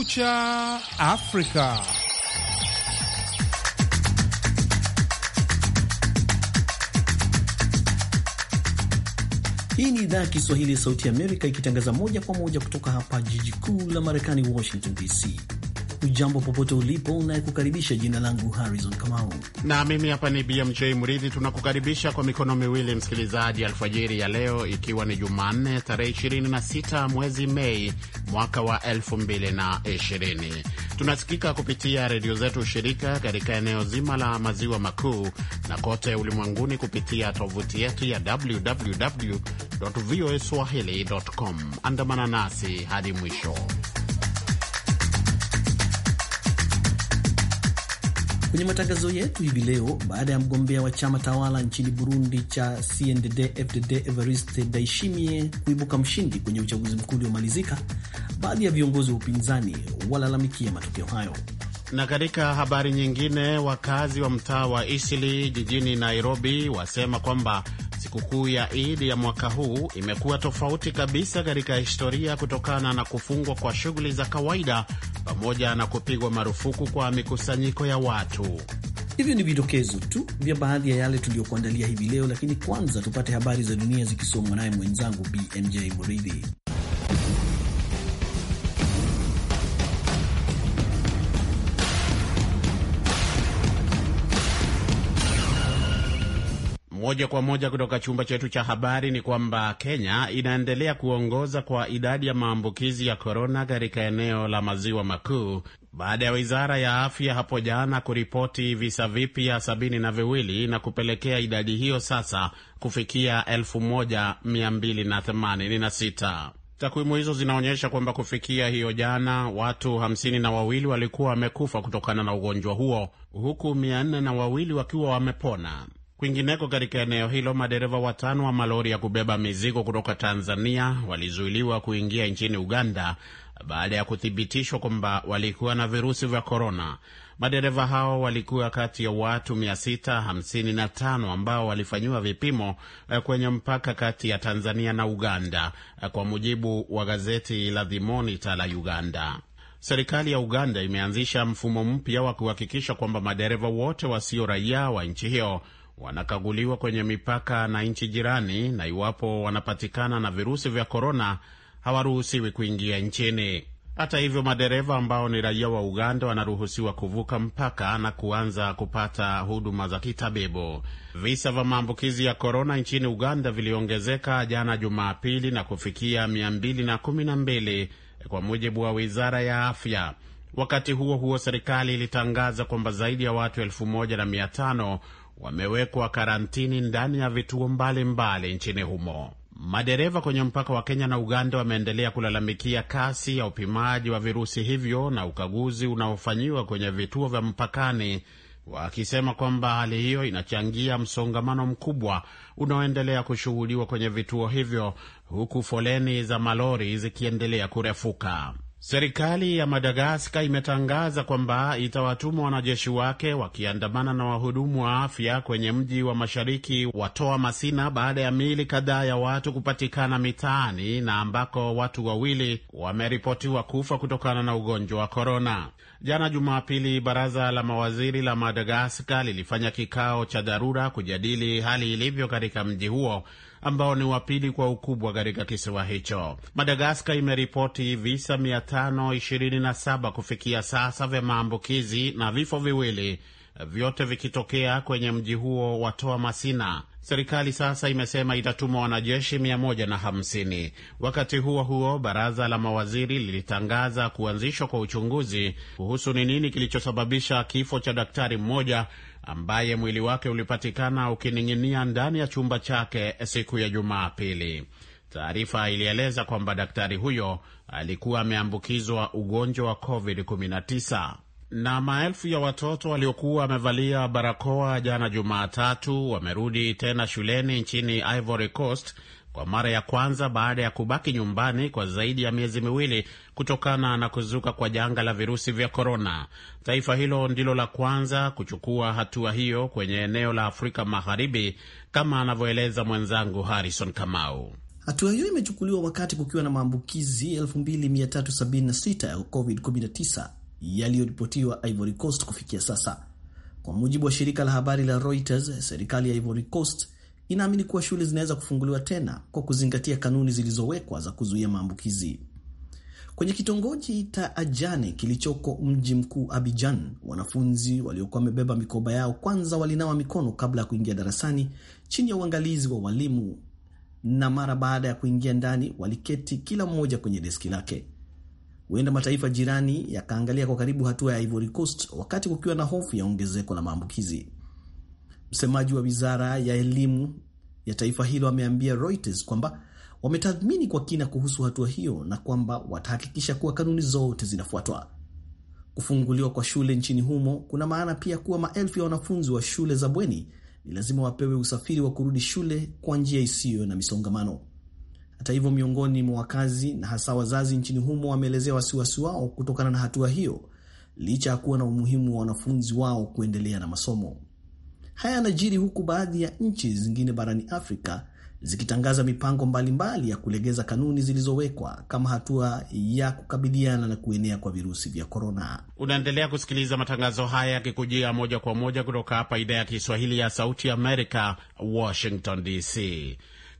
Kucha Afrika. Hii ni idhaa ya Kiswahili ya Sauti ya Amerika ikitangaza moja kwa moja kutoka hapa jiji kuu la Marekani, Washington DC. Ujambo popote ulipo, unayekukaribisha Jina langu Harrison Kamau na mimi hapa ni BMJ Mridhi. Tunakukaribisha kwa mikono miwili, msikilizaji, alfajiri ya leo, ikiwa ni Jumanne tarehe 26 mwezi Mei mwaka wa 2020. Tunasikika kupitia redio zetu shirika katika eneo zima la maziwa makuu na kote ulimwenguni kupitia tovuti yetu ya www voa com. Andamana nasi hadi mwisho. Kwenye matangazo yetu hivi leo, baada ya mgombea wa chama tawala nchini Burundi cha CNDD-FDD Evariste kuibuka mshindi kwenye uchaguzi mkuu uliomalizika, baadhi ya viongozi wa upinzani walalamikia matokeo hayo. Na katika habari nyingine, wakazi wa mtaa wa Isili jijini Nairobi wasema kwamba Sikukuu ya Idi ya mwaka huu imekuwa tofauti kabisa katika historia kutokana na kufungwa kwa shughuli za kawaida pamoja na kupigwa marufuku kwa mikusanyiko ya watu. Hivyo ni vidokezo tu vya baadhi ya yale tuliyokuandalia hivi leo, lakini kwanza tupate habari za dunia zikisomwa naye mwenzangu BMJ Muridhi. Moja kwa moja kutoka chumba chetu cha habari ni kwamba Kenya inaendelea kuongoza kwa idadi ya maambukizi ya korona katika eneo la maziwa makuu baada ya wizara ya afya hapo jana kuripoti visa vipya sabini na viwili na kupelekea idadi hiyo sasa kufikia 1286. Takwimu hizo zinaonyesha kwamba kufikia hiyo jana watu hamsini na wawili walikuwa wamekufa kutokana na ugonjwa huo huku mia nne na wawili wakiwa wamepona. Kwingineko katika eneo hilo, madereva watano wa malori ya kubeba mizigo kutoka Tanzania walizuiliwa kuingia nchini Uganda baada ya kuthibitishwa kwamba walikuwa na virusi vya korona. Madereva hao walikuwa kati ya watu 655 ambao walifanyiwa vipimo eh, kwenye mpaka kati ya Tanzania na Uganda, eh, kwa mujibu wa gazeti la The Monitor la Uganda. Serikali ya Uganda imeanzisha mfumo mpya wa kuhakikisha kwamba madereva wote wasio raia wa nchi hiyo wanakaguliwa kwenye mipaka na nchi jirani, na iwapo wanapatikana na virusi vya korona hawaruhusiwi kuingia nchini. Hata hivyo, madereva ambao ni raia wa Uganda wanaruhusiwa kuvuka mpaka na kuanza kupata huduma za kitabibu. Visa vya maambukizi ya korona nchini Uganda viliongezeka jana Jumapili na kufikia 212 kwa mujibu wa wizara ya afya. Wakati huo huo, serikali ilitangaza kwamba zaidi ya watu elfu moja na wamewekwa karantini ndani ya vituo mbalimbali nchini humo. Madereva kwenye mpaka wa Kenya na Uganda wameendelea kulalamikia kasi ya upimaji wa virusi hivyo na ukaguzi unaofanyiwa kwenye vituo vya mpakani, wakisema kwamba hali hiyo inachangia msongamano mkubwa unaoendelea kushuhudiwa kwenye vituo hivyo, huku foleni za malori zikiendelea kurefuka. Serikali ya Madagaskar imetangaza kwamba itawatuma wanajeshi wake wakiandamana na wahudumu wa afya kwenye mji wa mashariki wa Toa Masina baada ya miili kadhaa ya watu kupatikana mitaani na ambako watu wawili wameripotiwa kufa kutokana na ugonjwa wa korona. Jana Jumapili, baraza la mawaziri la Madagaskar lilifanya kikao cha dharura kujadili hali ilivyo katika mji huo ambao ni wa pili kwa ukubwa katika kisiwa hicho. Madagaskar imeripoti visa 527 kufikia sasa vya maambukizi na vifo viwili, vyote vikitokea kwenye mji huo wa Toa Masina. Serikali sasa imesema itatuma wanajeshi 150. Wakati huo huo, baraza la mawaziri lilitangaza kuanzishwa kwa uchunguzi kuhusu ni nini kilichosababisha kifo cha daktari mmoja ambaye mwili wake ulipatikana ukining'inia ndani ya chumba chake siku ya Jumapili. Taarifa ilieleza kwamba daktari huyo alikuwa ameambukizwa ugonjwa wa COVID-19. Na maelfu ya watoto waliokuwa wamevalia barakoa jana Jumatatu wamerudi tena shuleni nchini Ivory Coast kwa mara ya kwanza baada ya kubaki nyumbani kwa zaidi ya miezi miwili kutokana na kuzuka kwa janga la virusi vya korona. Taifa hilo ndilo la kwanza kuchukua hatua hiyo kwenye eneo la Afrika Magharibi, kama anavyoeleza mwenzangu Harrison Kamau. Hatua hiyo imechukuliwa wakati kukiwa na maambukizi 2376 ya COVID-19 yaliyoripotiwa Ivory Coast kufikia sasa, kwa mujibu wa shirika la habari la Reuters. Serikali ya Ivory Coast inaamini kuwa shule zinaweza kufunguliwa tena kwa kuzingatia kanuni zilizowekwa za kuzuia maambukizi. Kwenye kitongoji cha Ajane kilichoko mji mkuu Abidjan, wanafunzi waliokuwa wamebeba mikoba yao kwanza walinawa mikono kabla ya kuingia darasani chini ya uangalizi wa walimu, na mara baada ya kuingia ndani waliketi kila mmoja kwenye deski lake. Huenda mataifa jirani yakaangalia kwa karibu hatua ya Ivory Coast wakati kukiwa na hofu ya ongezeko la maambukizi. Msemaji wa wizara ya elimu ya taifa hilo ameambia Reuters kwamba wametathmini kwa kina kuhusu hatua hiyo na kwamba watahakikisha kuwa kanuni zote zinafuatwa. Kufunguliwa kwa shule nchini humo kuna maana pia kuwa maelfu ya wanafunzi wa shule za bweni ni lazima wapewe usafiri wa kurudi shule kwa njia isiyo na misongamano. Hata hivyo, miongoni mwa wakazi na hasa wazazi nchini humo wameelezea wasiwasi wao kutokana na hatua hiyo, licha ya kuwa na umuhimu wa wanafunzi wao kuendelea na masomo. Haya yanajiri huku baadhi ya nchi zingine barani Afrika zikitangaza mipango mbalimbali mbali ya kulegeza kanuni zilizowekwa kama hatua ya kukabiliana na kuenea kwa virusi vya korona. Unaendelea kusikiliza matangazo haya yakikujia moja kwa moja kutoka hapa idhaa ya Kiswahili ya Sauti Amerika, Washington DC.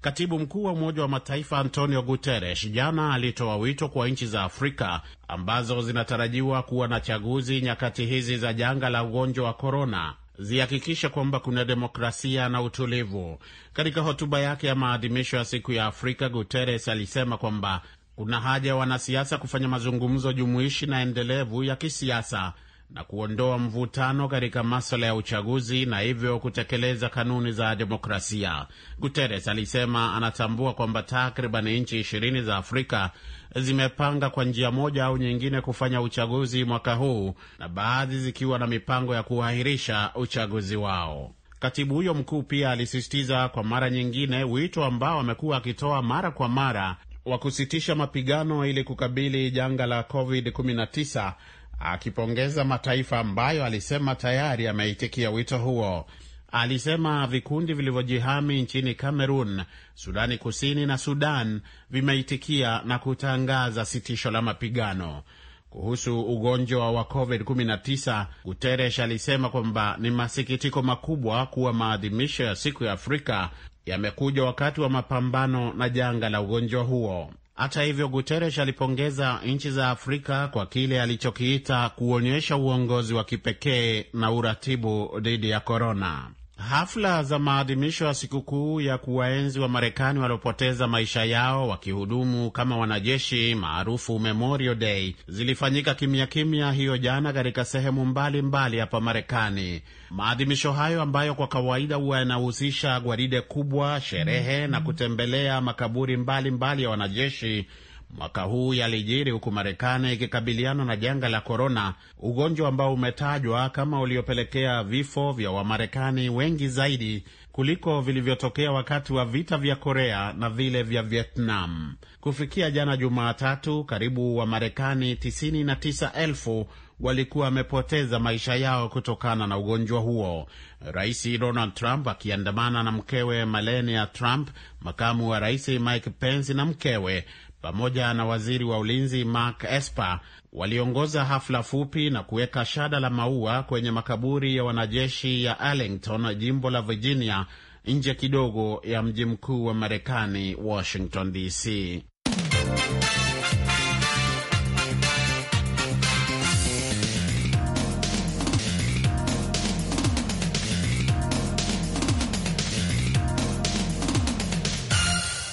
Katibu mkuu wa Umoja wa Mataifa Antonio Guterres jana alitoa wito kwa nchi za Afrika ambazo zinatarajiwa kuwa na chaguzi nyakati hizi za janga la ugonjwa wa korona zihakikisha kwamba kuna demokrasia na utulivu. Katika hotuba yake ya maadhimisho ya siku ya Afrika, Guterres alisema kwamba kuna haja ya wanasiasa kufanya mazungumzo jumuishi na endelevu ya kisiasa na kuondoa mvutano katika maswala ya uchaguzi na hivyo kutekeleza kanuni za demokrasia. Guterres alisema anatambua kwamba takriban nchi ishirini za Afrika zimepanga kwa njia moja au nyingine kufanya uchaguzi mwaka huu na baadhi zikiwa na mipango ya kuahirisha uchaguzi wao. Katibu huyo mkuu pia alisisitiza kwa mara nyingine wito ambao amekuwa akitoa mara kwa mara wa kusitisha mapigano ili kukabili janga la COVID-19 akipongeza mataifa ambayo alisema tayari yameitikia wito huo. Alisema vikundi vilivyojihami nchini Kamerun, Sudani Kusini na Sudan vimeitikia na kutangaza sitisho la mapigano. Kuhusu ugonjwa wa COVID-19, Guteresh alisema kwamba ni masikitiko makubwa kuwa maadhimisho ya siku ya Afrika yamekuja wakati wa mapambano na janga la ugonjwa huo. Hata hivyo, Guterres alipongeza nchi za Afrika kwa kile alichokiita kuonyesha uongozi wa kipekee na uratibu dhidi ya korona. Hafla za maadhimisho ya sikukuu ya kuwaenzi wa Marekani waliopoteza maisha yao wakihudumu kama wanajeshi maarufu Memorial Day zilifanyika kimya kimya hiyo jana katika sehemu mbalimbali hapa Marekani. Maadhimisho hayo ambayo kwa kawaida huwa yanahusisha gwaride kubwa, sherehe na kutembelea makaburi mbalimbali mbali ya wanajeshi Mwaka huu yalijiri huku Marekani ikikabiliana na janga la korona, ugonjwa ambao umetajwa kama uliopelekea vifo vya Wamarekani wengi zaidi kuliko vilivyotokea wakati wa vita vya Korea na vile vya Vietnam. Kufikia jana Jumatatu, karibu Wamarekani 99,000 walikuwa wamepoteza maisha yao kutokana na ugonjwa huo. Rais Donald Trump akiandamana na mkewe Melania Trump, makamu wa rais Mike Pence na mkewe pamoja na waziri wa ulinzi Mark Esper waliongoza hafla fupi na kuweka shada la maua kwenye makaburi ya wanajeshi ya Arlington, jimbo la Virginia, nje kidogo ya mji mkuu wa Marekani, Washington DC.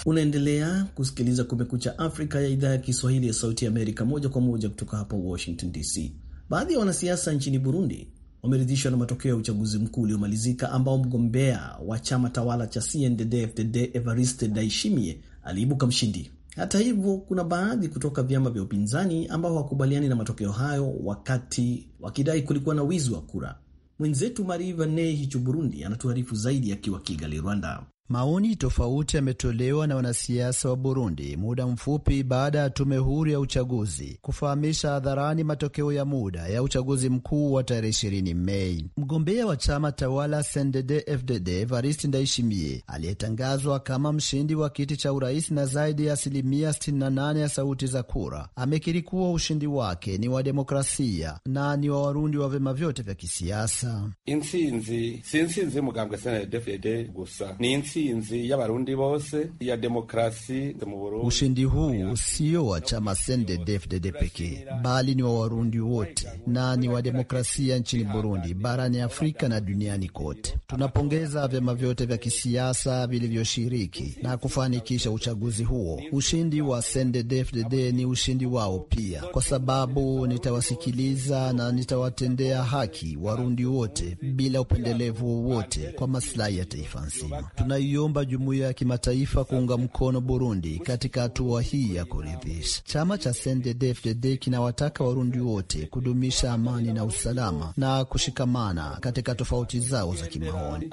Unaendelea kusikiliza Kumekucha Afrika ya idhaa ya Kiswahili ya Sauti ya Amerika, moja kwa moja kutoka hapa Washington DC. Baadhi ya wanasiasa nchini Burundi wameridhishwa na matokeo ya uchaguzi mkuu uliomalizika ambao mgombea wa chama tawala cha CNDD-FDD Evariste Ndayishimiye aliibuka mshindi. Hata hivyo, kuna baadhi kutoka vyama vya upinzani ambao hawakubaliani na matokeo hayo, wakati wakidai kulikuwa na wizi wa kura. Mwenzetu Marie Vanee Hichu Burundi anatuarifu zaidi akiwa Kigali, Rwanda. Maoni tofauti yametolewa na wanasiasa wa Burundi muda mfupi baada ya tume huru ya uchaguzi kufahamisha hadharani matokeo ya muda ya uchaguzi mkuu wa tarehe 20 Mei. Mgombea wa chama tawala CNDD FDD Evariste Ndayishimiye aliyetangazwa kama mshindi wa kiti cha urais na zaidi ya asilimia 68 ya sauti za kura amekiri kuwa ushindi wake ni wa demokrasia na ni wa Warundi wa vyama vyote vya kisiasa. si CNDD FDD gusa ni intsinzi y'abarundi bose ya demokrasi mu Burundi. Ushindi huu sio wa chama CNDD-FDD pekee, bali ni wa warundi wote na ni wa demokrasia nchini Burundi, barani Afrika na duniani kote. Tunapongeza vyama vyote vya kisiasa vilivyoshiriki na kufanikisha uchaguzi huo. Ushindi wa CNDD-FDD ni ushindi wao pia, kwa sababu nitawasikiliza na nitawatendea haki warundi wote bila upendelevu wowote kwa masilahi ya taifa nzima kuiomba jumuiya ya kimataifa kuunga mkono Burundi katika hatua hii ya kuridhisha. Chama cha CNDD-FDD kinawataka Warundi wote kudumisha amani na usalama na kushikamana katika tofauti zao za kimaoni.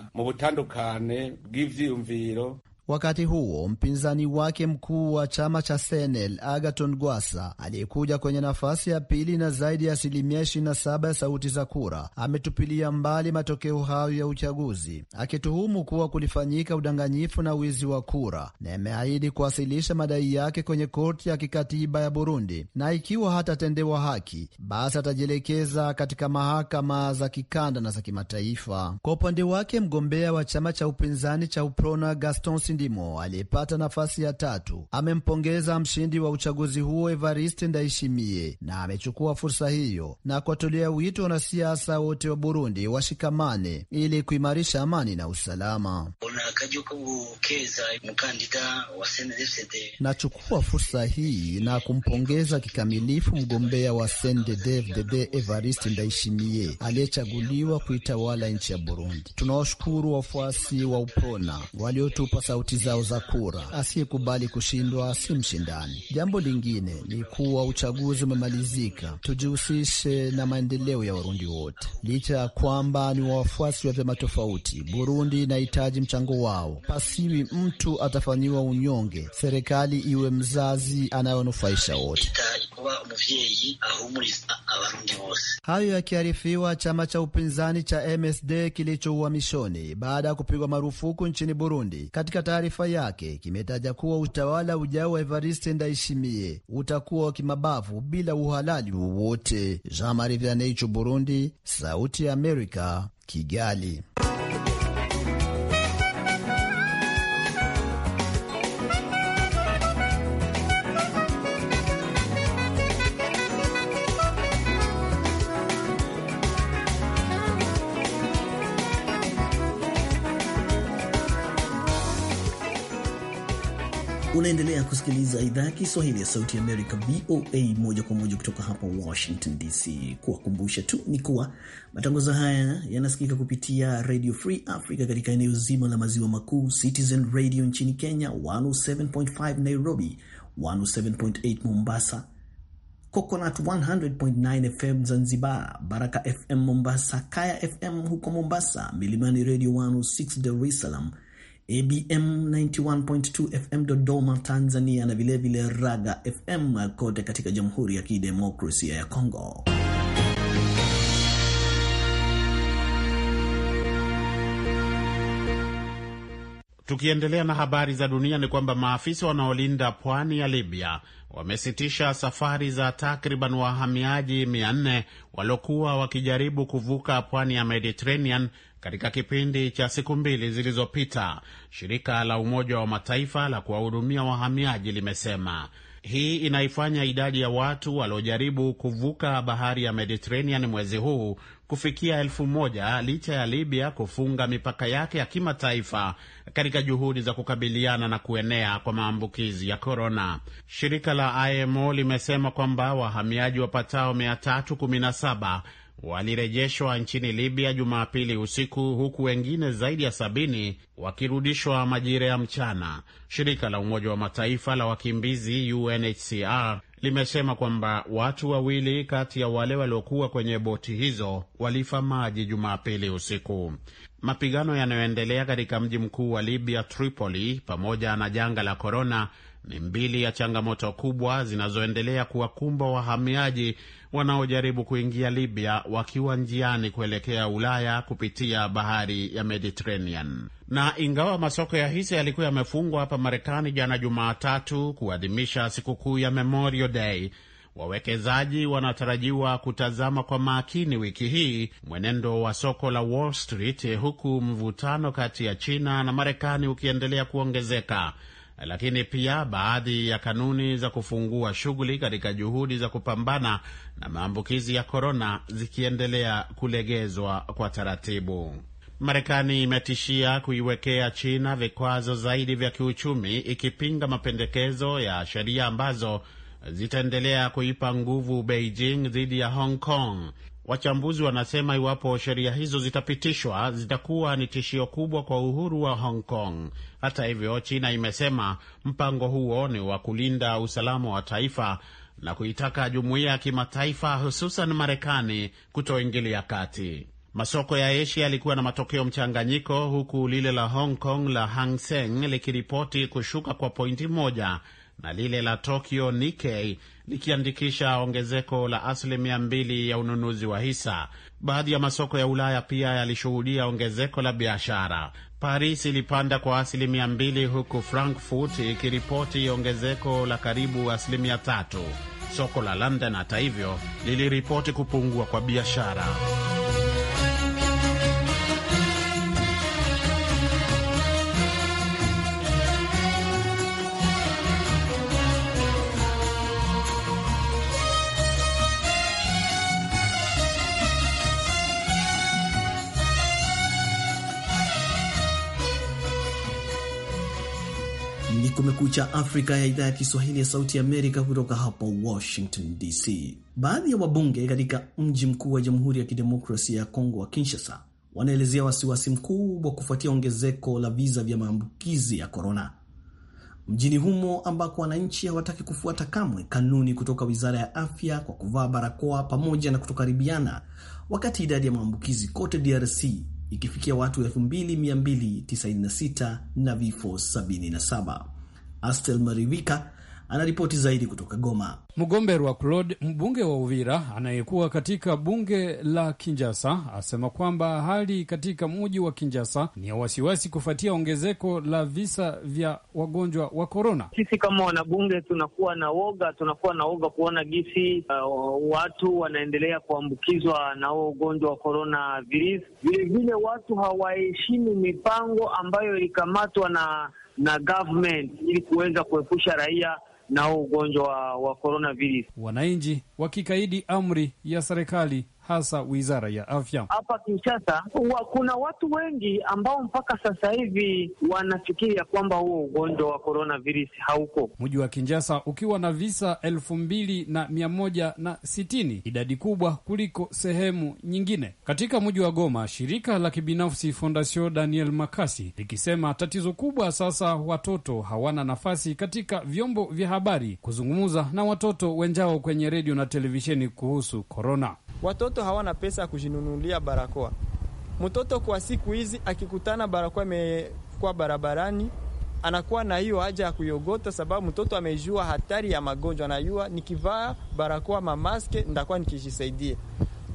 Wakati huo mpinzani wake mkuu wa chama cha Senel Agaton Gwasa aliyekuja kwenye nafasi ya pili na zaidi ya asilimia 27 ya sauti za kura ametupilia mbali matokeo hayo ya uchaguzi akituhumu kuwa kulifanyika udanganyifu na wizi wa kura, na ameahidi kuwasilisha madai yake kwenye korti ya kikatiba ya Burundi, na ikiwa hatatendewa haki, basi atajielekeza katika mahakama za kikanda na za kimataifa. Kwa upande wake mgombea wa chama cha upinzani cha Uprona Gaston Ndimo aliyepata nafasi ya tatu amempongeza mshindi wa uchaguzi huo Evariste Ndayishimiye na amechukua fursa hiyo na kuwatolea wito wanasiasa wote wa Burundi washikamane ili kuimarisha amani na usalama. Nachukua fursa hii na kumpongeza kikamilifu mgombea wa CNDD-FDD Evariste Ndayishimiye aliyechaguliwa kuitawala nchi ya Burundi. Tunawashukuru wafuasi wa Upona waliotupa sauti sauti zao za kura. Asiyekubali kushindwa si mshindani. Jambo lingine ni kuwa uchaguzi umemalizika, tujihusishe na maendeleo ya Warundi wote. Licha ya kwamba ni wafuasi wa vyama tofauti, Burundi inahitaji mchango wao. Pasiwi mtu atafanyiwa unyonge, serikali iwe mzazi anayonufaisha wote kuba umuvyeyi ahumuriza abarundi bose. Hayo yakiarifiwa chama cha upinzani cha MSD kilichouhamishoni baada ya kupigwa marufuku nchini Burundi. Katika taarifa yake kimetaja kuwa utawala ujao wa Evariste Ndayishimiye utakuwa wa kimabavu bila uhalali wowote. Jean Marie Vianney, Burundi, Sauti ya Amerika, Kigali. Unaendelea kusikiliza idhaa ya Kiswahili ya Sauti Amerika, VOA, moja kwa moja kutoka hapa Washington DC. Kuwakumbusha tu ni kuwa matangazo haya yanasikika kupitia Radio Free Africa katika eneo zima la maziwa makuu, Citizen Radio nchini Kenya 107.5 Nairobi, 107.8 Mombasa, Coconut 100.9 FM Zanzibar, Baraka FM Mombasa, Kaya FM huko Mombasa, Milimani Radio 106 Dar es Salaam ABM 91.2 FM Dodoma Tanzania, na vilevile vile Raga FM kote katika Jamhuri ya Kidemokrasia ya Kongo. Tukiendelea na habari za dunia ni kwamba maafisa wanaolinda pwani ya Libya wamesitisha safari za takriban wahamiaji 400 waliokuwa wakijaribu kuvuka pwani ya Mediterranean katika kipindi cha siku mbili zilizopita, shirika la Umoja wa Mataifa la kuwahudumia wahamiaji limesema. Hii inaifanya idadi ya watu waliojaribu kuvuka bahari ya Mediterranean mwezi huu kufikia elfu moja licha ya Libya kufunga mipaka yake ya kimataifa katika juhudi za kukabiliana na kuenea kwa maambukizi ya korona. Shirika la IMO limesema kwamba wahamiaji wapatao 317 walirejeshwa nchini Libya Jumapili usiku huku wengine zaidi ya sabini wakirudishwa majira ya mchana. Shirika la Umoja wa Mataifa la wakimbizi UNHCR limesema kwamba watu wawili kati ya wale waliokuwa kwenye boti hizo walifa maji Jumapili usiku. Mapigano yanayoendelea katika mji mkuu wa Libya, Tripoli, pamoja na janga la korona ni mbili ya changamoto kubwa zinazoendelea kuwakumba wahamiaji wanaojaribu kuingia Libya wakiwa njiani kuelekea Ulaya kupitia bahari ya Mediterranean. Na ingawa masoko ya hisa yalikuwa yamefungwa hapa Marekani jana Jumatatu kuadhimisha sikukuu ya Memorial Day, wawekezaji wanatarajiwa kutazama kwa makini wiki hii mwenendo wa soko la Wall Street, huku mvutano kati ya China na Marekani ukiendelea kuongezeka lakini pia baadhi ya kanuni za kufungua shughuli katika juhudi za kupambana na maambukizi ya korona zikiendelea kulegezwa kwa taratibu. Marekani imetishia kuiwekea China vikwazo zaidi vya kiuchumi ikipinga mapendekezo ya sheria ambazo zitaendelea kuipa nguvu Beijing dhidi ya Hong Kong. Wachambuzi wanasema iwapo sheria hizo zitapitishwa zitakuwa ni tishio kubwa kwa uhuru wa Hong Kong. Hata hivyo, China imesema mpango huo ni wa kulinda usalama wa taifa na kuitaka jumuiya ya kimataifa hususan Marekani kutoingilia kati. Masoko ya Asia yalikuwa na matokeo mchanganyiko, huku lile la Hong Kong la Hang Seng likiripoti kushuka kwa pointi moja na lile la Tokyo Nikkei likiandikisha ongezeko la asilimia mbili ya ununuzi wa hisa. Baadhi ya masoko ya Ulaya pia yalishuhudia ongezeko la biashara. Paris ilipanda kwa asilimia mbili huku Frankfurt ikiripoti ongezeko la karibu asilimia tatu. Soko la London hata hivyo liliripoti kupungua kwa biashara. Kumekucha Afrika ya idhaa ya Kiswahili ya Sauti Amerika kutoka hapa Washington DC. Baadhi ya wabunge katika mji mkuu wa Jamhuri ya Kidemokrasia ya Kongo wa Kinshasa wanaelezea wasiwasi mkubwa kufuatia ongezeko la visa vya maambukizi ya korona mjini humo, ambako wananchi hawataki kufuata kamwe kanuni kutoka Wizara ya Afya kwa kuvaa barakoa pamoja na kutokaribiana, wakati idadi ya maambukizi kote DRC ikifikia watu 2296 na vifo 77. Astel Marivika anaripoti zaidi kutoka Goma. mgombe rwa Claude, mbunge wa Uvira anayekuwa katika bunge la Kinjasa, asema kwamba hali katika mji wa Kinjasa ni ya wasiwasi kufuatia ongezeko la visa vya wagonjwa wa korona. Sisi kama wanabunge tunakuwa na woga, tunakuwa na woga kuona gisi uh, watu wanaendelea kuambukizwa na huo ugonjwa wa korona virusi. Vilevile watu hawaheshimu mipango ambayo ilikamatwa na na government ili kuweza kuepusha raia na ugonjwa wa coronavirus. Wananchi wakikaidi amri ya serikali hasa wizara ya afya hapa Kinshasa. Wa, kuna watu wengi ambao mpaka sasa hivi wanafikiria kwamba huo ugonjwa wa coronavirus hauko. Mji wa Kinshasa ukiwa na visa elfu mbili na mia moja na sitini, idadi kubwa kuliko sehemu nyingine. Katika mji wa Goma, shirika la kibinafsi Fondation Daniel Makasi likisema tatizo kubwa sasa, watoto hawana nafasi katika vyombo vya habari kuzungumza na watoto wenjao kwenye redio na televisheni kuhusu korona watoto hawana pesa ya kujinunulia barakoa. Mtoto kwa siku hizi akikutana barakoa imekuwa barabarani, anakuwa na hiyo haja ya kuiogota, sababu mtoto amejua hatari ya magonjwa, anajua nikivaa barakoa mamaske ndakuwa nikijisaidia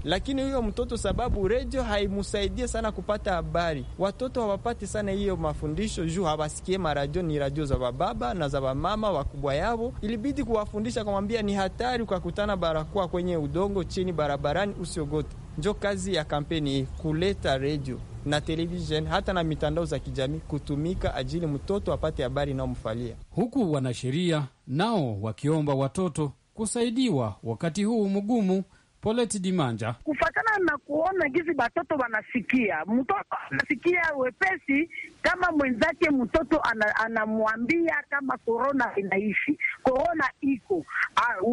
lakini huyo mtoto sababu redio haimsaidie sana kupata habari, watoto hawapati sana hiyo mafundisho juu hawasikie maradio, ni radio za wababa na za wamama wakubwa yavo Ilibidi kuwafundisha kumwambia ni hatari ukakutana barakoa kwenye udongo chini barabarani, usiogote. Njo kazi ya kampeni hii kuleta redio na televisheni hata na mitandao za kijamii kutumika ajili mtoto apate habari inayomfalia, huku wanasheria nao wakiomba watoto kusaidiwa wakati huu mgumu poleti Dimanja, kufatana na kuona gizi batoto wanasikia mtoto anasikia wepesi kama mwenzake mtoto anamwambia ana kama korona inaishi, korona iko ah,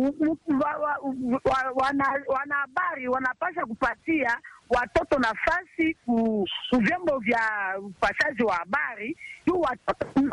wanahabari wanapasha kupatia watoto nafasi ku vyombo vya upashaji wa habari, juu watoto ndio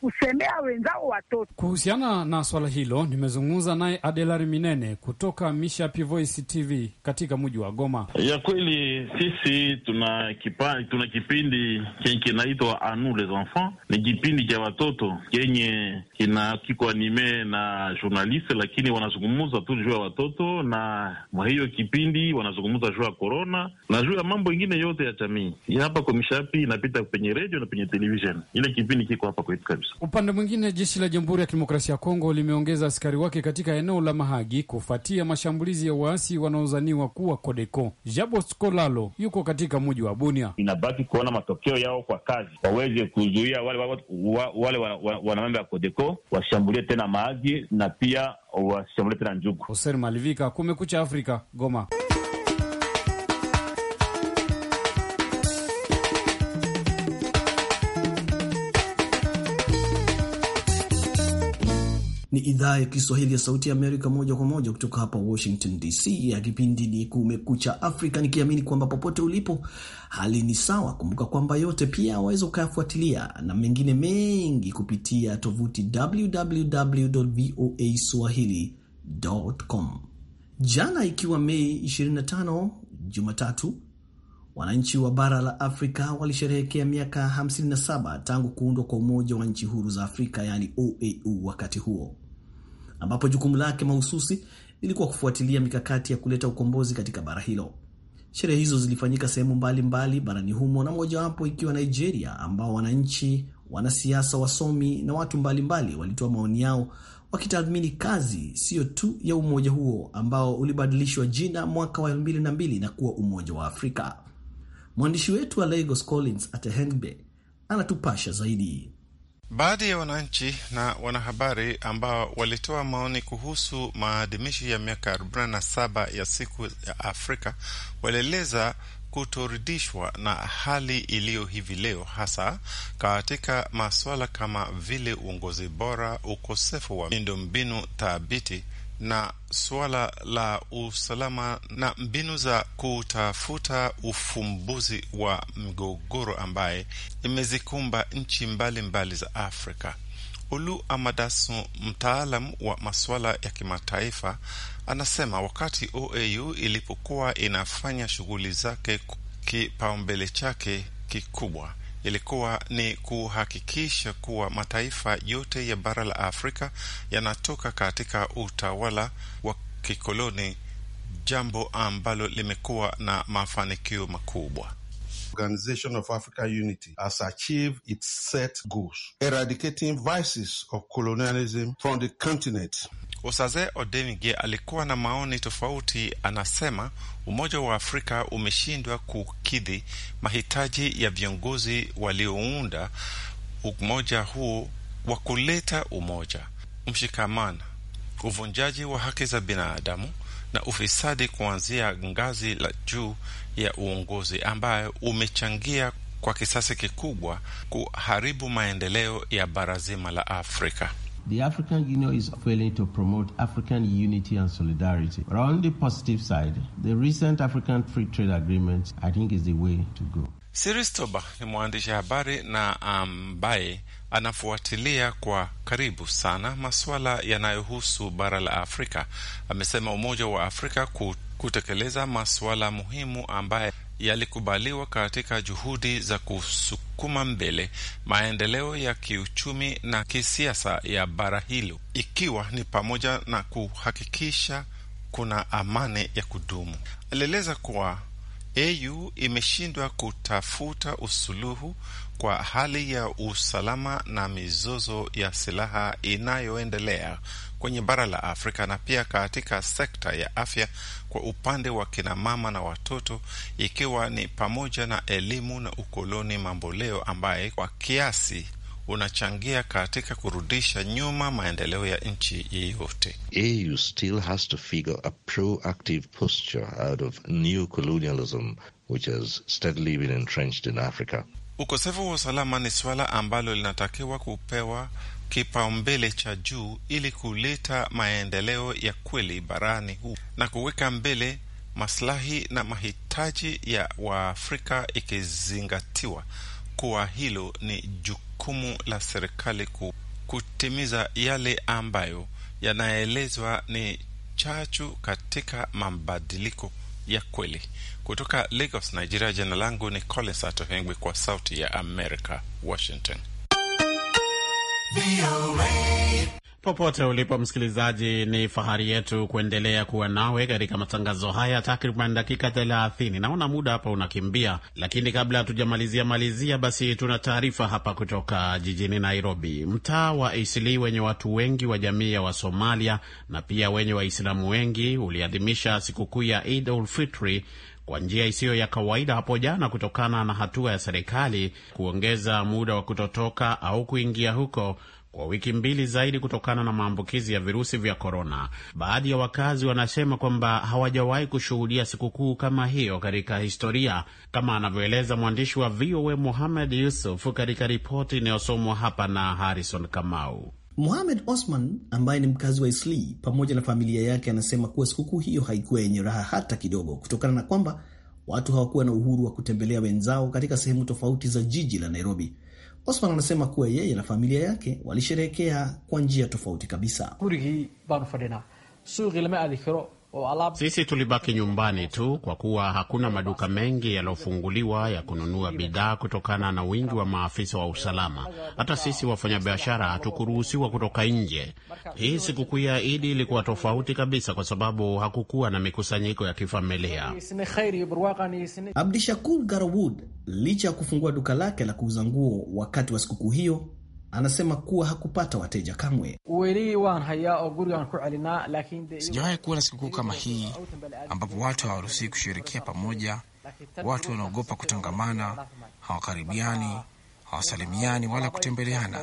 kusemea wenzao watoto. Kuhusiana na swala hilo, nimezungumza naye Adelari Minene kutoka Mishapi Voice TV katika mji wa Goma. Ya kweli sisi tuna, kipa, tuna kipindi kinaitwa kinaitwa Anu les enfants, ni kipindi cha watoto kenye kina kiko anime na journaliste, lakini wanazungumza tu juu ya watoto, na mwa hiyo kipindi wanazungumza juu ya corona na juu ya mambo ingine yote ya jamii. Hapa Komishapi inapita penye redio na penye television, ile kipindi kiko hapa kwetu kabisa. Upande mwingine, jeshi la Jamhuri ya Kidemokrasia ya Kongo limeongeza askari wake katika eneo la Mahagi kufuatia mashambulizi ya waasi wanaozaniwa kuwa Kodeko. Jabo Skolalo yuko katika mji wa Bunia. Inabaki kuona matokeo yao kwa kazi waweze kuzuia wale wale, wale wanamemba Kodeko washambulie tena maji na pia washambulie tena njugu. Hussein Malivika, Kumekucha Afrika, Goma. Ni idhaa ya Kiswahili ya Sauti ya Amerika, moja kwa moja kutoka hapa Washington DC, ya kipindi ni Kumekucha Afrika, nikiamini kwamba popote ulipo hali ni sawa. Kumbuka kwamba yote pia waweza ukayafuatilia na mengine mengi kupitia tovuti www voa swahili com. Jana ikiwa Mei 25 Jumatatu wananchi wa bara la Afrika walisherehekea miaka 57 tangu kuundwa kwa Umoja wa Nchi Huru za Afrika, yani OAU, wakati huo ambapo jukumu lake mahususi lilikuwa kufuatilia mikakati ya kuleta ukombozi katika bara hilo. Sherehe hizo zilifanyika sehemu mbalimbali barani humo na mojawapo ikiwa Nigeria, ambao wananchi, wanasiasa, wasomi na watu mbalimbali walitoa maoni yao wakitathmini kazi siyo tu ya umoja huo ambao ulibadilishwa jina mwaka wa 2002 na kuwa Umoja wa Afrika. Mwandishi wetu wa Lagos Collins Atehengbe anatupasha zaidi. Baadhi ya wananchi na wanahabari ambao walitoa maoni kuhusu maadhimisho ya miaka 47 ya siku ya Afrika walieleza kutoridhishwa na hali iliyo hivi leo, hasa katika masuala kama vile uongozi bora, ukosefu wa miundombinu thabiti na suala la usalama na mbinu za kutafuta ufumbuzi wa migogoro ambaye imezikumba nchi mbalimbali mbali za Afrika. Ulu Amadasu, mtaalam wa masuala ya kimataifa, anasema wakati OAU ilipokuwa inafanya shughuli zake, kipaumbele chake kikubwa ilikuwa ni kuhakikisha kuwa mataifa yote ya bara la Afrika yanatoka katika utawala wa kikoloni, jambo ambalo limekuwa na mafanikio makubwa. Organization of Unity has achieved its set goals, eradicating vices of colonialism from the continent. Osaze Odenige alikuwa na maoni tofauti. Anasema Umoja wa Afrika umeshindwa kukidhi mahitaji ya viongozi waliounda umoja huo wa kuleta umoja, mshikamano, uvunjaji wa haki za binadamu na ufisadi kuanzia ngazi la juu ya uongozi ambayo umechangia kwa kisasi kikubwa kuharibu maendeleo ya bara zima la Afrika. The African Union is failing to promote African unity and solidarity. But on the positive side, the recent African Free Trade Agreement, I think, is the way to go. Cyrus Toba ni mwandishi habari na um, ambaye anafuatilia kwa karibu sana masuala yanayohusu bara la Afrika. Amesema Umoja wa Afrika kutekeleza masuala muhimu ambaye yalikubaliwa katika juhudi za kusukuma mbele maendeleo ya kiuchumi na kisiasa ya bara hilo, ikiwa ni pamoja na kuhakikisha kuna amani ya kudumu. Alieleza kuwa AU imeshindwa kutafuta usuluhu kwa hali ya usalama na mizozo ya silaha inayoendelea kwenye bara la Afrika na pia katika sekta ya afya kwa upande wa kinamama na watoto, ikiwa ni pamoja na elimu na ukoloni mamboleo ambaye kwa kiasi unachangia katika kurudisha nyuma maendeleo ya nchi yeyote. still has to figure a proactive posture out of new colonialism which has steadily been entrenched in Africa. Ukosefu wa usalama ni suala ambalo linatakiwa kupewa kipaumbele cha juu ili kuleta maendeleo ya kweli barani huu na kuweka mbele maslahi na mahitaji ya Waafrika ikizingatiwa kuwa hilo ni jukumu jukumu la serikali kutimiza yale ambayo yanaelezwa ni chachu katika mabadiliko ya kweli. Kutoka Lagos, Nigeria, jina langu ni Collins Atohengwi kwa Sauti ya America, Washington. Popote ulipo msikilizaji, ni fahari yetu kuendelea kuwa nawe katika matangazo haya takriban dakika thelathini. Naona muda hapa unakimbia, lakini kabla hatujamalizia malizia, basi tuna taarifa hapa kutoka jijini Nairobi. Mtaa wa Isli wenye watu wengi wa jamii ya Wasomalia na pia wenye Waislamu wengi uliadhimisha sikukuu ya Eid ul Fitri kwa njia isiyo ya kawaida hapo jana kutokana na hatua ya serikali kuongeza muda wa kutotoka au kuingia huko kwa wiki mbili zaidi kutokana na maambukizi ya virusi vya korona. Baadhi ya wakazi wanasema kwamba hawajawahi kushuhudia sikukuu kama hiyo katika historia, kama anavyoeleza mwandishi wa VOA Muhamed Yusuf katika ripoti inayosomwa hapa na Harrison Kamau. Mohamed Osman ambaye ni mkazi wa Isli pamoja na familia yake anasema kuwa sikukuu hiyo haikuwa yenye raha hata kidogo, kutokana na kwamba watu hawakuwa na uhuru wa kutembelea wenzao katika sehemu tofauti za jiji la Nairobi. Osman anasema kuwa yeye na familia yake walisherehekea kwa njia tofauti kabisa. gurigii baanu fadhinaa suuqii lama aadi karo sisi tulibaki nyumbani tu kwa kuwa hakuna maduka mengi yaliyofunguliwa ya kununua bidhaa kutokana na wingi wa maafisa wa usalama. Hata sisi wafanyabiashara hatukuruhusiwa kutoka nje. Hii sikukuu ya Idi ilikuwa tofauti kabisa kwa sababu hakukuwa na mikusanyiko ya kifamilia. Abdishakur garawood licha ya kufungua duka lake la kuuza nguo wakati wa sikukuu hiyo anasema kuwa hakupata wateja kamwe. Sijawahi kuwa na sikukuu kama hii ambapo watu hawaruhusii kushirikia pamoja. Watu wanaogopa kutangamana, hawakaribiani, hawasalimiani wala kutembeleana.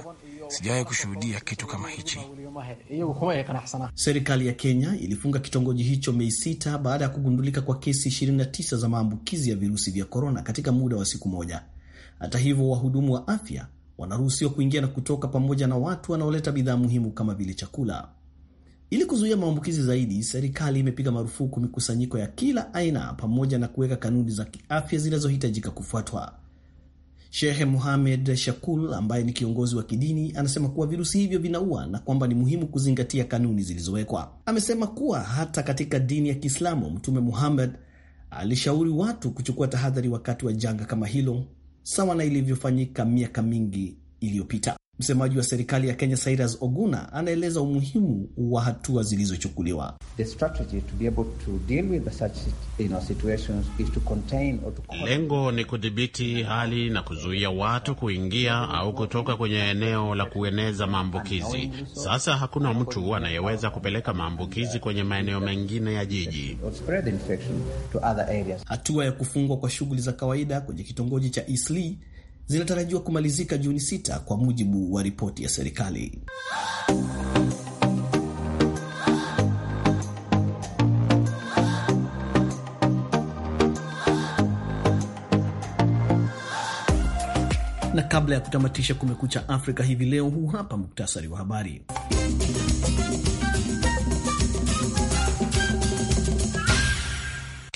Sijawahi kushuhudia kitu kama hichi. Serikali ya Kenya ilifunga kitongoji hicho Mei sita baada ya kugundulika kwa kesi 29 za maambukizi ya virusi vya korona katika muda wa siku moja. Hata hivyo, wahudumu wa afya wanaruhusiwa kuingia na kutoka pamoja na watu wanaoleta bidhaa muhimu kama vile chakula. Ili kuzuia maambukizi zaidi, serikali imepiga marufuku mikusanyiko ya kila aina pamoja na kuweka kanuni za kiafya zinazohitajika kufuatwa. Shehe Muhamed Shakul ambaye ni kiongozi wa kidini anasema kuwa virusi hivyo vinaua na kwamba ni muhimu kuzingatia kanuni zilizowekwa. Amesema kuwa hata katika dini ya Kiislamu Mtume Muhammad alishauri watu kuchukua tahadhari wakati wa janga kama hilo, sawa na ilivyofanyika miaka mingi iliyopita. Msemaji wa serikali ya Kenya Cyrus Oguna anaeleza umuhimu wa hatua zilizochukuliwa. Lengo ni kudhibiti hali na kuzuia watu kuingia au kutoka kwenye eneo la kueneza maambukizi. Sasa hakuna mtu anayeweza kupeleka maambukizi kwenye maeneo mengine ya jiji. Hatua ya kufungwa kwa shughuli za kawaida kwenye kitongoji cha Eastleigh zinatarajiwa kumalizika Juni 6 kwa mujibu wa ripoti ya serikali. Na kabla ya kutamatisha Kumekucha Afrika hivi leo, huu hapa muktasari wa habari.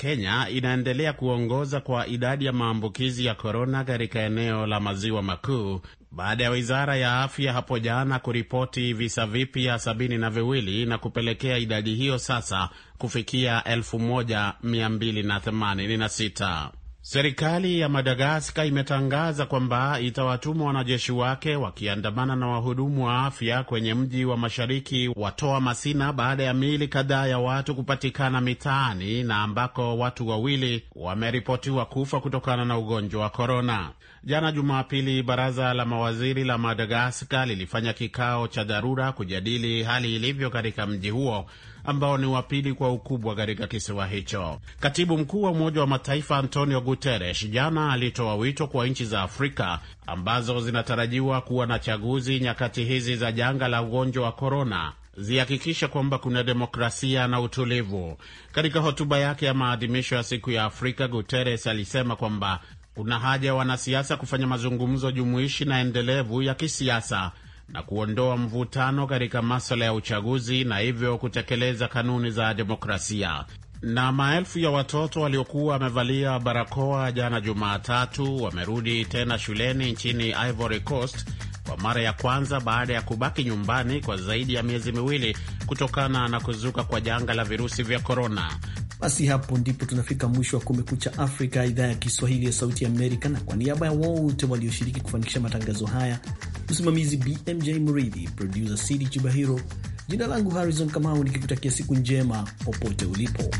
Kenya inaendelea kuongoza kwa idadi ya maambukizi ya korona katika eneo la maziwa makuu baada ya wizara ya afya hapo jana kuripoti visa vipya sabini na viwili na kupelekea idadi hiyo sasa kufikia elfu moja mia mbili na themanini na sita. Serikali ya Madagaskar imetangaza kwamba itawatuma wanajeshi wake wakiandamana na wahudumu wa afya kwenye mji wa mashariki wa Toa Masina baada ya miili kadhaa ya watu kupatikana mitaani na ambako watu wawili wameripotiwa kufa kutokana na ugonjwa wa korona. Jana Jumapili, baraza la mawaziri la Madagaskar lilifanya kikao cha dharura kujadili hali ilivyo katika mji huo ambao ni wa pili kwa ukubwa katika kisiwa hicho. Katibu mkuu wa Umoja wa Mataifa Antonio Guterres jana alitoa wito kwa nchi za Afrika ambazo zinatarajiwa kuwa na chaguzi nyakati hizi za janga la ugonjwa wa korona zihakikisha kwamba kuna demokrasia na utulivu. Katika hotuba yake ya maadhimisho ya siku ya Afrika, Guterres alisema kwamba kuna haja ya wanasiasa kufanya mazungumzo jumuishi na endelevu ya kisiasa na kuondoa mvutano katika maswala ya uchaguzi na hivyo kutekeleza kanuni za demokrasia. Na maelfu ya watoto waliokuwa wamevalia barakoa jana Jumatatu wamerudi tena shuleni nchini Ivory Coast kwa mara ya kwanza baada ya kubaki nyumbani kwa zaidi ya miezi miwili kutokana na kuzuka kwa janga la virusi vya korona. Basi hapo ndipo tunafika mwisho wa Kumekucha Afrika, idhaa ya Kiswahili ya Sauti Amerika, na kwa niaba ya wote walioshiriki kufanikisha matangazo haya, msimamizi BMJ Mridhi, produsa CD Chubahiro, jina langu Harrison Kamau nikikutakia siku njema popote ulipo.